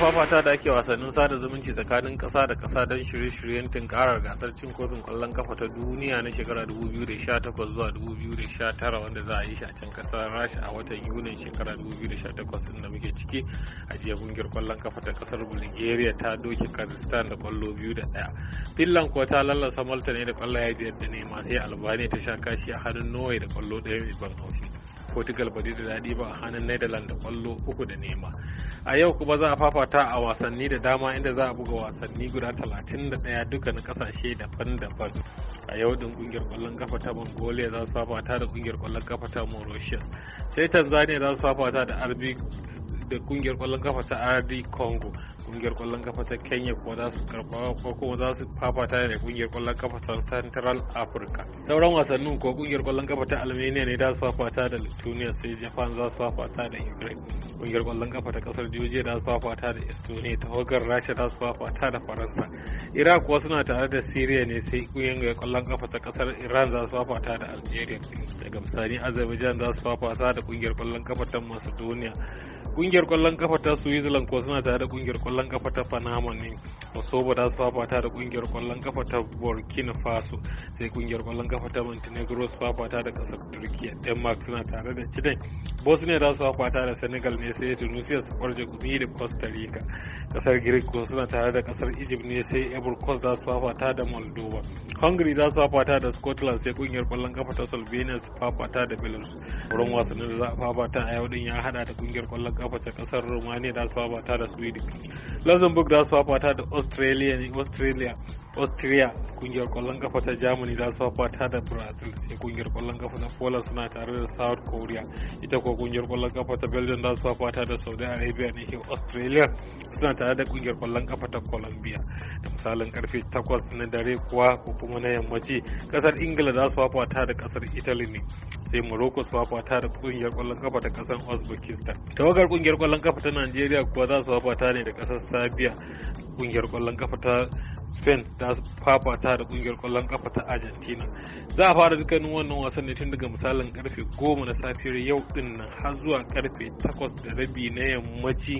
fafata da ake wasannin sada zumunci tsakanin kasa da kasa don shirye-shiryen tunkarar gasar cin kofin kwallon kafa ta duniya na shekara 2018 zuwa 2019 wanda za a yi shi a can kasar rasha a watan yunin shekara 2018 da muke ciki a jiya kungiyar kwallon kafa ta kasar bulgaria ta doke kazakhstan da kwallo biyu da daya finland kuwa ta lallasa malta ne da kwallo ya biyar da nema sai albania ta sha kashi a hannun norway da kwallo daya mai ban haushi portugal ba da daɗi ba a hannun netherlands da kwallo uku da nema a yau kuma za a fafata a wasanni da dama inda za a buga wasanni guda 31 duka na kasashe daban-daban a yau din kungiyar kwallon kafa ta mongolia za su fafata da kungiyar kwallon kafa ta mauritius sai tanzania za su fafata da rb da kungiyar kwallon kafa ta rd congo kungiyar kwallon kafa ta kenya kuma za su karba ko kuma za su fafata da kungiyar kwallon kafa ta central africa sauran wasannin ko kungiyar kwallon kafa ta armenia ne za su fafata da lithuania sai japan za su fafata da ukraine kungiyar kwallon kafa ta kasar georgia za su fafata da estonia ta hogar rasha za su fafata da faransa iraq kuwa suna tare da syria ne sai kungiyar kwallon kafa ta kasar iran za su fafata da algeria daga misali azerbaijan za su fafata da kungiyar kwallon kafa ta macedonia kungiyar kwallon kafa ta switzerland ko suna tare da kungiyar kwallon kafa ta panama ne kosovo ta su fafata da kungiyar kwallon kafa ta burkina faso sai kungiyar kwallon kafa ta montenegro su fafata da kasar turkiya denmark suna tare da chile bosnia za su akwata da senegal ne sai tunisia su kwarje gumi da costa rica kasar greek ko suna tare da kasar egypt ne sai Ebur coast za su akwata da moldova hungary za su akwata da scotland sai kungiyar kwallon kafa ta slovenia su akwata da belarus wurin wasannin da za a fafata a yau din ya hada da kungiyar kwallon kafa ta kasar romania za su akwata da sweden luxembourg za su akwata da australia ne australia austria kungiyar kwallon kafa ta germany za su fafata da brazil sai kungiyar kwallon kafa ta poland suna tare da south korea ita kuwa kungiyar kwallon kafa ta belgium za su fafata da saudi arabia ne australia suna tare da kungiyar kwallon kafa ta colombia da misalin karfe 8 na dare kuwa ko kuma na yammaci kasar ingila za su fafata da kasar italy ne sai morocco su fafata da kungiyar kwallon kafa ta kasar uzbekistan tawagar kungiyar kwallon kafa ta nigeria kuwa za su fafata ne da kasar serbia kungiyar kwallon kafa ta spain ta fafata da kungiyar kwallon kafa ta argentina za a fara dukkanin wannan wasan ne tun daga misalin karfe 10 na safiyar yau din nan har zuwa karfe 8 da rabi na yammaci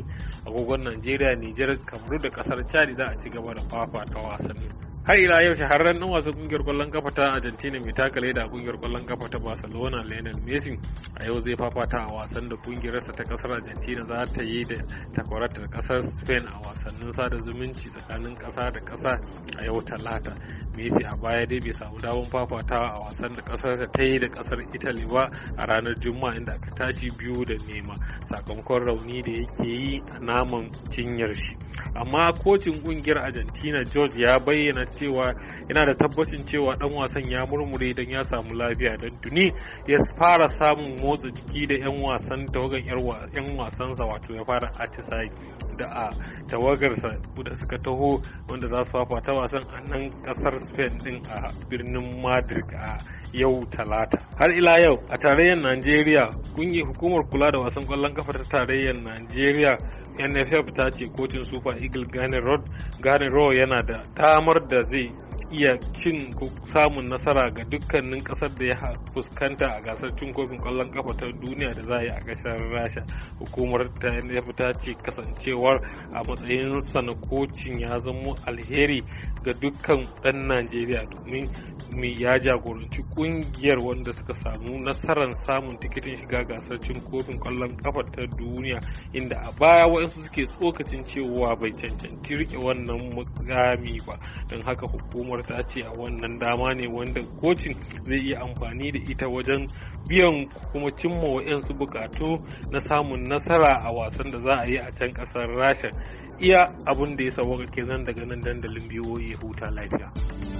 agogon najeriya nijar kamaru da kasar chad za a ci gaba da fafata wasannin har ila yau shahararren dan wasan kungiyar kwallon kafa ta Argentina mai taka da kungiyar kwallon kafa ta Barcelona Lionel Messi a yau zai fafata a wasan da kungiyarsa ta kasar Argentina za ta yi da takwarata kasar Spain a wasannin sada zumunci tsakanin kasa da kasa a yau Talata Messi a baya dai bai samu damar fafata a wasan da kasarsa ta yi da kasar Italy ba a ranar Juma'a inda aka tashi biyu da nema sakamakon rauni da yake yi a naman cinyar shi amma kocin kungiyar Argentina George ya bayyana cewa yana da tabbacin cewa dan wasan ya murmure don ya samu lafiya don tuni ya fara samun motsa jiki da 'yan wasan tawagan 'yan wasansa wato ya fara atisai da a tawagarsa da suka taho wanda za su fafata wasan a nan kasar spain din a birnin madrid a yau talata har ila yau a tarayyar najeriya hukumar kula da wasan kwallon kafa ta tarayyar najeriya nff ta ce kocin super eagle gane road yana da tamar da zai iya cin samun nasara ga dukkanin kasar da ya fuskanta a gasar cin kofin kwallon kafa ta duniya da za a yi a gasar rasha hukumar ta nff ta ce kasancewar a matsayin na kocin ya zama alheri ga dukkan dan najeriya domin mi ya jagoranci kungiyar wanda suka samu nasarar samun tikitin shiga gasar cin kofin kwallon kafa ta duniya inda a baya waɗansu suke tsokacin cewa bai cancanci rike wannan mukami ba don haka hukumar ta ce a wannan dama ne wanda kocin zai iya amfani da ita wajen biyan kuma cimma waɗansu bukatu na samun nasara a wasan da za a yi a can ƙasar rasha iya abin da ya sauwaka kenan daga nan dandalin biyoyi huta lafiya.